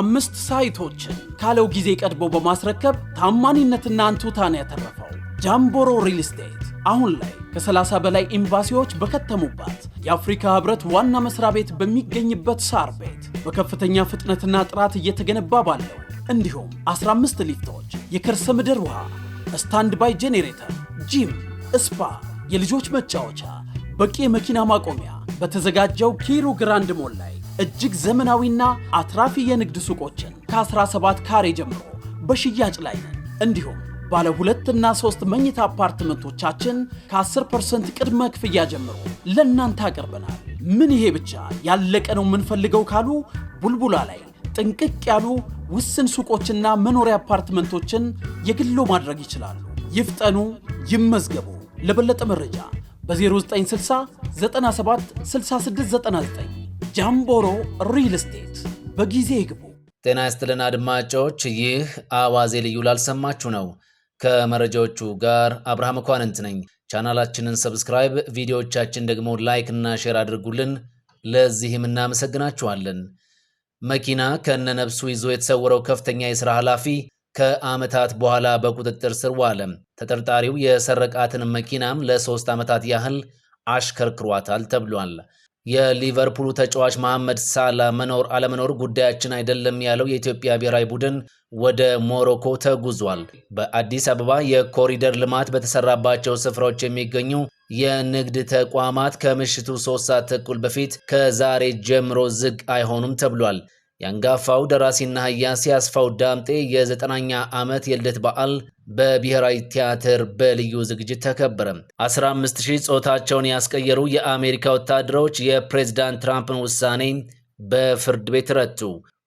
አምስት ሳይቶችን ካለው ጊዜ ቀድሞ በማስረከብ ታማኒነትና አንቱታን ያተረፈው ጃምቦሮ ሪል ስቴት አሁን ላይ ከ30 በላይ ኤምባሲዎች በከተሙባት የአፍሪካ ህብረት ዋና መስሪያ ቤት በሚገኝበት ሳር ቤት በከፍተኛ ፍጥነትና ጥራት እየተገነባ ባለው እንዲሁም 15 ሊፍቶች፣ የከርሰ ምድር ውሃ፣ ስታንድ ባይ ጄኔሬተር፣ ጂም፣ ስፓ፣ የልጆች መጫወቻ፣ በቂ የመኪና ማቆሚያ በተዘጋጀው ኪሩ ግራንድ ሞል ላይ እጅግ ዘመናዊና አትራፊ የንግድ ሱቆችን ከ17 ካሬ ጀምሮ በሽያጭ ላይ ነን። እንዲሁም ባለ ሁለትና ሶስት መኝታ አፓርትመንቶቻችን ከ10% ቅድመ ክፍያ ጀምሮ ለእናንተ አቅርበናል። ምን ይሄ ብቻ ያለቀ ነው የምንፈልገው ካሉ ቡልቡላ ላይ ጥንቅቅ ያሉ ውስን ሱቆችና መኖሪያ አፓርትመንቶችን የግሎ ማድረግ ይችላሉ። ይፍጠኑ፣ ይመዝገቡ። ለበለጠ መረጃ በ0960 97 6699 ጃምቦሮ ሪል ስቴት በጊዜ ይግቡ። ጤና ይስጥልን አድማጮች፣ ይህ አዋዜ ልዩ ላልሰማችሁ ነው። ከመረጃዎቹ ጋር አብርሃም እኳንንት ነኝ። ቻናላችንን ሰብስክራይብ፣ ቪዲዮዎቻችን ደግሞ ላይክ እና ሼር አድርጉልን። ለዚህም እናመሰግናችኋለን። መኪና ከነነብሱ ይዞ የተሰወረው ከፍተኛ የሥራ ኃላፊ ከዓመታት በኋላ በቁጥጥር ስር ዋለ። ተጠርጣሪው የሰረቃትን መኪናም ለሦስት ዓመታት ያህል አሽከርክሯታል ተብሏል። የሊቨርፑሉ ተጫዋች መሐመድ ሳላ መኖር አለመኖር ጉዳያችን አይደለም ያለው የኢትዮጵያ ብሔራዊ ቡድን ወደ ሞሮኮ ተጉዟል። በአዲስ አበባ የኮሪደር ልማት በተሰራባቸው ስፍራዎች የሚገኙ የንግድ ተቋማት ከምሽቱ ሶስት ሰዓት ተኩል በፊት ከዛሬ ጀምሮ ዝግ አይሆኑም ተብሏል። የአንጋፋው ደራሲና ሀያሲ አስፋው ዳምጤ የዘጠናኛ ዓመት የልደት በዓል በብሔራዊ ቲያትር በልዩ ዝግጅት ተከበረ። 15 ሺህ ጾታቸውን ያስቀየሩ የአሜሪካ ወታደሮች የፕሬዝዳንት ትራምፕን ውሳኔ በፍርድ ቤት ረቱ።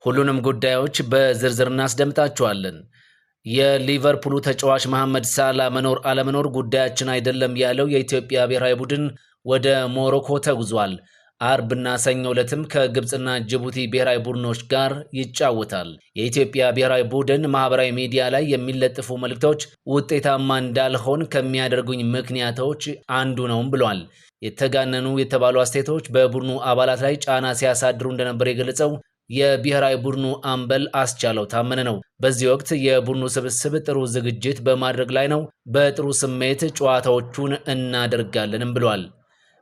ሁሉንም ጉዳዮች በዝርዝር እናስደምጣቸዋለን። የሊቨርፑሉ ተጫዋች መሐመድ ሳላ መኖር አለመኖር ጉዳያችን አይደለም ያለው የኢትዮጵያ ብሔራዊ ቡድን ወደ ሞሮኮ ተጉዟል። አርብና ሰኞ ዕለትም ከግብፅና ጅቡቲ ብሔራዊ ቡድኖች ጋር ይጫወታል። የኢትዮጵያ ብሔራዊ ቡድን ማህበራዊ ሚዲያ ላይ የሚለጥፉ መልእክቶች ውጤታማ እንዳልሆን ከሚያደርጉኝ ምክንያቶች አንዱ ነውም ብሏል። የተጋነኑ የተባሉ አስተያየቶች በቡድኑ አባላት ላይ ጫና ሲያሳድሩ እንደነበር የገለጸው የብሔራዊ ቡድኑ አምበል አስቻለው ታመነ ነው። በዚህ ወቅት የቡድኑ ስብስብ ጥሩ ዝግጅት በማድረግ ላይ ነው። በጥሩ ስሜት ጨዋታዎቹን እናደርጋለንም ብሏል።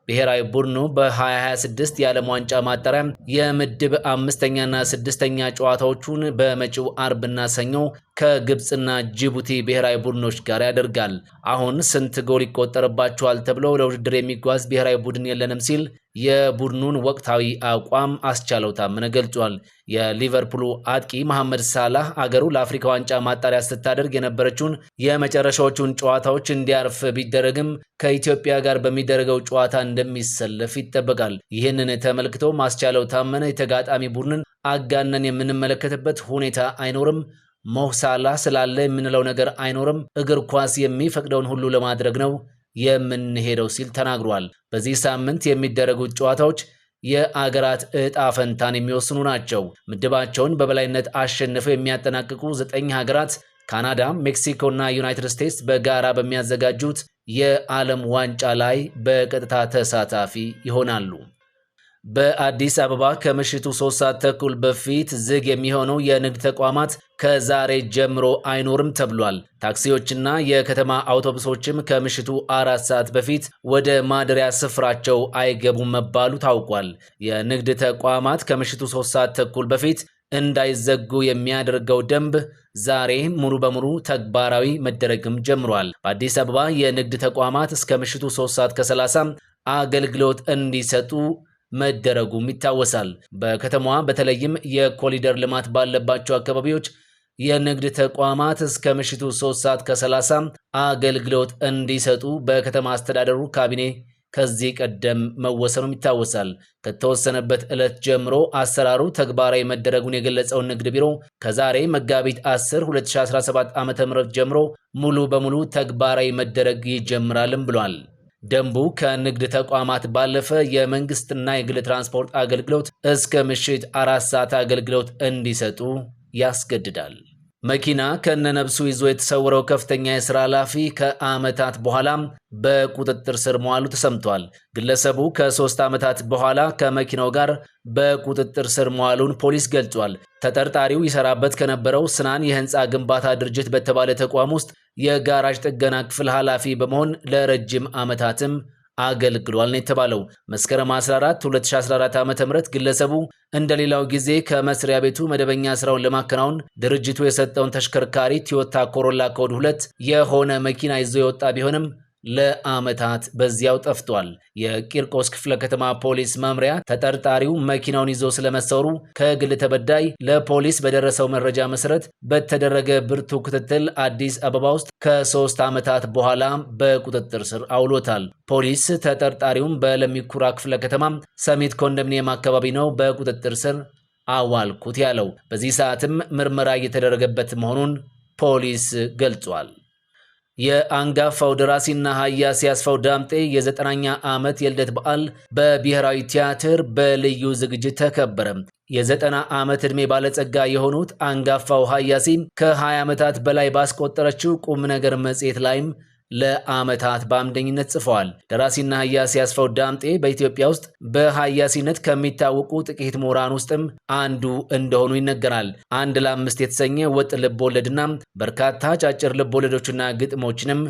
ብሔራዊ ቡድኑ በ2026 የዓለም ዋንጫ ማጣሪያ የምድብ አምስተኛና ስድስተኛ ጨዋታዎቹን በመጪው አርብና ሰኞ ከግብፅና ጅቡቲ ብሔራዊ ቡድኖች ጋር ያደርጋል። አሁን ስንት ጎል ይቆጠርባቸዋል ተብሎ ለውድድር የሚጓዝ ብሔራዊ ቡድን የለንም ሲል የቡድኑን ወቅታዊ አቋም አስቻለው ታምነ ገልጿል። የሊቨርፑሉ አጥቂ መሐመድ ሳላህ አገሩ ለአፍሪካ ዋንጫ ማጣሪያ ስታደርግ የነበረችውን የመጨረሻዎቹን ጨዋታዎች እንዲያርፍ ቢደረግም ከኢትዮጵያ ጋር በሚደረገው ጨዋታ እንደሚሰለፍ ይጠበቃል። ይህንን ተመልክቶ አስቻለው ታመነ የተጋጣሚ ቡድንን አጋነን የምንመለከትበት ሁኔታ አይኖርም ሞሳላ ስላለ የምንለው ነገር አይኖርም። እግር ኳስ የሚፈቅደውን ሁሉ ለማድረግ ነው የምንሄደው ሲል ተናግሯል። በዚህ ሳምንት የሚደረጉት ጨዋታዎች የአገራት ዕጣ ፈንታን የሚወስኑ ናቸው። ምድባቸውን በበላይነት አሸንፈው የሚያጠናቅቁ ዘጠኝ ሀገራት ካናዳ፣ ሜክሲኮ እና ዩናይትድ ስቴትስ በጋራ በሚያዘጋጁት የዓለም ዋንጫ ላይ በቀጥታ ተሳታፊ ይሆናሉ። በአዲስ አበባ ከምሽቱ ሶስት ሰዓት ተኩል በፊት ዝግ የሚሆኑ የንግድ ተቋማት ከዛሬ ጀምሮ አይኖርም ተብሏል። ታክሲዎችና የከተማ አውቶቡሶችም ከምሽቱ አራት ሰዓት በፊት ወደ ማደሪያ ስፍራቸው አይገቡም መባሉ ታውቋል። የንግድ ተቋማት ከምሽቱ ሶስት ሰዓት ተኩል በፊት እንዳይዘጉ የሚያደርገው ደንብ ዛሬ ሙሉ በሙሉ ተግባራዊ መደረግም ጀምሯል። በአዲስ አበባ የንግድ ተቋማት እስከ ምሽቱ ሶስት ሰዓት ከሰላሳ አገልግሎት እንዲሰጡ መደረጉም ይታወሳል። በከተማዋ በተለይም የኮሊደር ልማት ባለባቸው አካባቢዎች የንግድ ተቋማት እስከ ምሽቱ 3 ሰዓት ከ30 አገልግሎት እንዲሰጡ በከተማ አስተዳደሩ ካቢኔ ከዚህ ቀደም መወሰኑም ይታወሳል። ከተወሰነበት ዕለት ጀምሮ አሰራሩ ተግባራዊ መደረጉን የገለጸውን ንግድ ቢሮ ከዛሬ መጋቢት 10 2017 ዓ.ም ጀምሮ ሙሉ በሙሉ ተግባራዊ መደረግ ይጀምራልም ብሏል። ደንቡ ከንግድ ተቋማት ባለፈ የመንግስትና የግል ትራንስፖርት አገልግሎት እስከ ምሽት አራት ሰዓት አገልግሎት እንዲሰጡ ያስገድዳል። መኪና ከነነብሱ ይዞ የተሰወረው ከፍተኛ የሥራ ኃላፊ ከዓመታት በኋላ በቁጥጥር ስር መዋሉ ተሰምቷል። ግለሰቡ ከሦስት ዓመታት በኋላ ከመኪናው ጋር በቁጥጥር ስር መዋሉን ፖሊስ ገልጿል። ተጠርጣሪው ይሰራበት ከነበረው ስናን የሕንፃ ግንባታ ድርጅት በተባለ ተቋም ውስጥ የጋራጅ ጥገና ክፍል ኃላፊ በመሆን ለረጅም ዓመታትም አገልግሏል ነው የተባለው። መስከረም 14 2014 ዓ ም ግለሰቡ እንደሌላው ጊዜ ከመስሪያ ቤቱ መደበኛ ስራውን ለማከናወን ድርጅቱ የሰጠውን ተሽከርካሪ ቲዮታ ኮሮላ ኮድ ሁለት የሆነ መኪና ይዞ የወጣ ቢሆንም ለዓመታት በዚያው ጠፍቷል። የቂርቆስ ክፍለ ከተማ ፖሊስ መምሪያ ተጠርጣሪው መኪናውን ይዞ ስለመሰወሩ ከግል ተበዳይ ለፖሊስ በደረሰው መረጃ መሰረት በተደረገ ብርቱ ክትትል አዲስ አበባ ውስጥ ከሶስት ዓመታት በኋላ በቁጥጥር ስር አውሎታል። ፖሊስ ተጠርጣሪውም በለሚኩራ ክፍለ ከተማ ሰሚት ኮንዶሚኒየም አካባቢ ነው በቁጥጥር ስር አዋልኩት ያለው። በዚህ ሰዓትም ምርመራ እየተደረገበት መሆኑን ፖሊስ ገልጿል። የአንጋፋው ደራሲና ሀያሲ አስፋው ዳምጤ የዘጠናኛ ዓመት የልደት በዓል በብሔራዊ ቲያትር በልዩ ዝግጅት ተከበረ። የዘጠና ዓመት ዕድሜ ባለጸጋ የሆኑት አንጋፋው ሀያሲ ከ20 ዓመታት በላይ ባስቆጠረችው ቁም ነገር መጽሔት ላይም ለአመታት በአምደኝነት ጽፈዋል። ደራሲና ሀያሲ አስፋው ዳምጤ በኢትዮጵያ ውስጥ በሀያሲነት ከሚታወቁ ጥቂት ምሁራን ውስጥም አንዱ እንደሆኑ ይነገራል። አንድ ለአምስት የተሰኘ ወጥ ልቦወለድና በርካታ አጫጭር ልቦወለዶችና ግጥሞችንም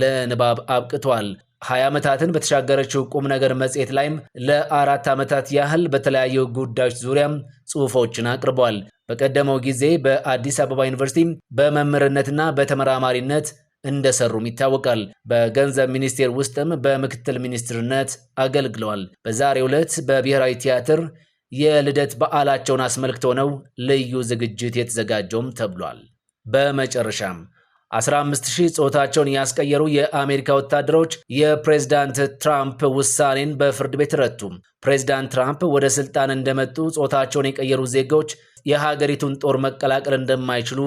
ለንባብ አብቅቷል። ሀያ ዓመታትን በተሻገረችው ቁም ነገር መጽሔት ላይም ለአራት ዓመታት ያህል በተለያዩ ጉዳዮች ዙሪያ ጽሑፎችን አቅርቧል። በቀደመው ጊዜ በአዲስ አበባ ዩኒቨርሲቲ በመምህርነትና በተመራማሪነት እንደሰሩም ይታወቃል። በገንዘብ ሚኒስቴር ውስጥም በምክትል ሚኒስትርነት አገልግለዋል። በዛሬው ዕለት በብሔራዊ ቲያትር የልደት በዓላቸውን አስመልክቶ ነው ልዩ ዝግጅት የተዘጋጀውም ተብሏል። በመጨረሻም 15 ሺህ ጾታቸውን ያስቀየሩ የአሜሪካ ወታደሮች የፕሬዝዳንት ትራምፕ ውሳኔን በፍርድ ቤት ረቱም። ፕሬዝዳንት ትራምፕ ወደ ስልጣን እንደመጡ ጾታቸውን የቀየሩ ዜጎች የሀገሪቱን ጦር መቀላቀል እንደማይችሉ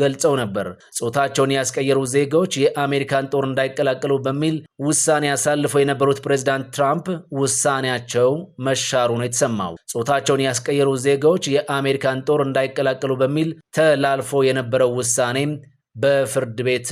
ገልጸው ነበር። ጾታቸውን ያስቀየሩ ዜጋዎች የአሜሪካን ጦር እንዳይቀላቀሉ በሚል ውሳኔ አሳልፈው የነበሩት ፕሬዚዳንት ትራምፕ ውሳኔያቸው መሻሩ ነው የተሰማው። ጾታቸውን ያስቀየሩ ዜጋዎች የአሜሪካን ጦር እንዳይቀላቀሉ በሚል ተላልፎ የነበረው ውሳኔ በፍርድ ቤት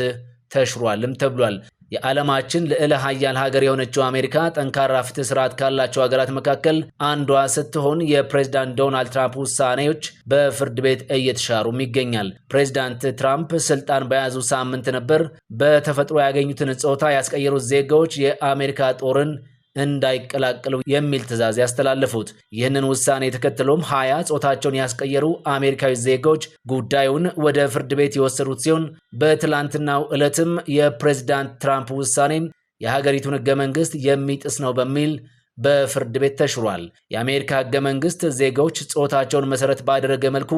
ተሽሯልም ተብሏል። የዓለማችን ልዕለ ሀያል ሀገር የሆነችው አሜሪካ ጠንካራ ፍትህ ስርዓት ካላቸው ሀገራት መካከል አንዷ ስትሆን የፕሬዚዳንት ዶናልድ ትራምፕ ውሳኔዎች በፍርድ ቤት እየተሻሩም ይገኛል። ፕሬዚዳንት ትራምፕ ስልጣን በያዙ ሳምንት ነበር በተፈጥሮ ያገኙትን ጾታ ያስቀየሩት ዜጋዎች የአሜሪካ ጦርን እንዳይቀላቀሉ የሚል ትዕዛዝ ያስተላለፉት። ይህንን ውሳኔ ተከትሎም ሀያ ጾታቸውን ያስቀየሩ አሜሪካዊ ዜጎች ጉዳዩን ወደ ፍርድ ቤት የወሰዱት ሲሆን በትላንትናው ዕለትም የፕሬዚዳንት ትራምፕ ውሳኔ የሀገሪቱን ሕገ መንግስት የሚጥስ ነው በሚል በፍርድ ቤት ተሽሯል። የአሜሪካ ህገ መንግስት ዜጋዎች ጾታቸውን መሰረት ባደረገ መልኩ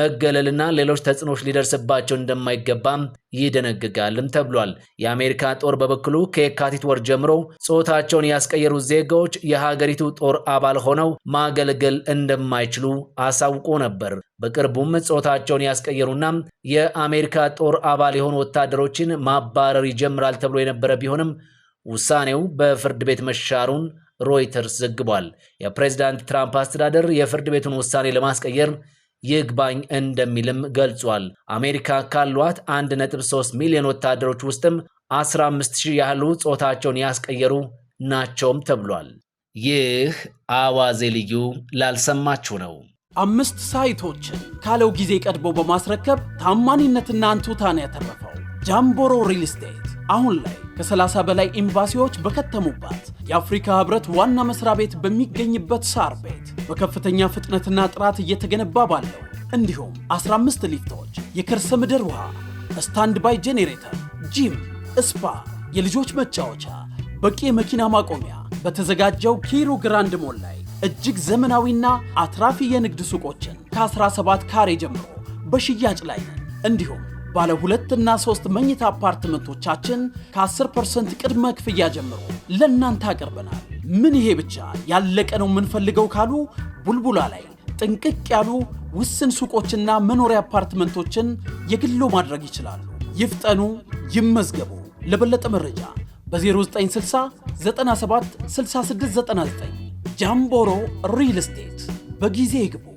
መገለልና ሌሎች ተጽዕኖዎች ሊደርስባቸው እንደማይገባም ይደነግጋልም ተብሏል። የአሜሪካ ጦር በበኩሉ ከየካቲት ወር ጀምሮ ጾታቸውን ያስቀየሩ ዜጋዎች የሀገሪቱ ጦር አባል ሆነው ማገልገል እንደማይችሉ አሳውቆ ነበር። በቅርቡም ጾታቸውን ያስቀየሩና የአሜሪካ ጦር አባል የሆኑ ወታደሮችን ማባረር ይጀምራል ተብሎ የነበረ ቢሆንም ውሳኔው በፍርድ ቤት መሻሩን ሮይተርስ ዘግቧል። የፕሬዚዳንት ትራምፕ አስተዳደር የፍርድ ቤቱን ውሳኔ ለማስቀየር ይግባኝ እንደሚልም ገልጿል። አሜሪካ ካሏት 1.3 ሚሊዮን ወታደሮች ውስጥም 15 ሺህ ያህሉ ጾታቸውን ያስቀየሩ ናቸውም ተብሏል። ይህ አዋዜ ልዩ ላልሰማችሁ ነው። አምስት ሳይቶችን ካለው ጊዜ ቀድሞ በማስረከብ ታማኒነትና አንቱታን ያተረፈው ጃምቦሮ ሪል ስቴት አሁን ላይ ከ30 በላይ ኤምባሲዎች በከተሙባት የአፍሪካ ህብረት ዋና መስሪያ ቤት በሚገኝበት ሳር ቤት በከፍተኛ ፍጥነትና ጥራት እየተገነባ ባለው እንዲሁም 15 ሊፍቶች፣ የከርሰ ምድር ውሃ፣ ስታንድ ባይ ጄኔሬተር፣ ጂም፣ ስፓ፣ የልጆች መጫወቻ፣ በቂ የመኪና ማቆሚያ በተዘጋጀው ኪሩ ግራንድ ሞል ላይ እጅግ ዘመናዊና አትራፊ የንግድ ሱቆችን ከ17 ካሬ ጀምሮ በሽያጭ ላይ ነን። እንዲሁም ባለ ሁለት እና ሶስት መኝታ አፓርትመንቶቻችን ከ10 ፐርሰንት ቅድመ ክፍያ ጀምሮ ለእናንተ አቅርበናል። ምን ይሄ ብቻ ያለቀ ነው የምንፈልገው ካሉ ቡልቡላ ላይ ጥንቅቅ ያሉ ውስን ሱቆችና መኖሪያ አፓርትመንቶችን የግሎ ማድረግ ይችላሉ። ይፍጠኑ፣ ይመዝገቡ። ለበለጠ መረጃ በ0960 97 6699 ጃምቦሮ ሪል ስቴት በጊዜ ይግቡ።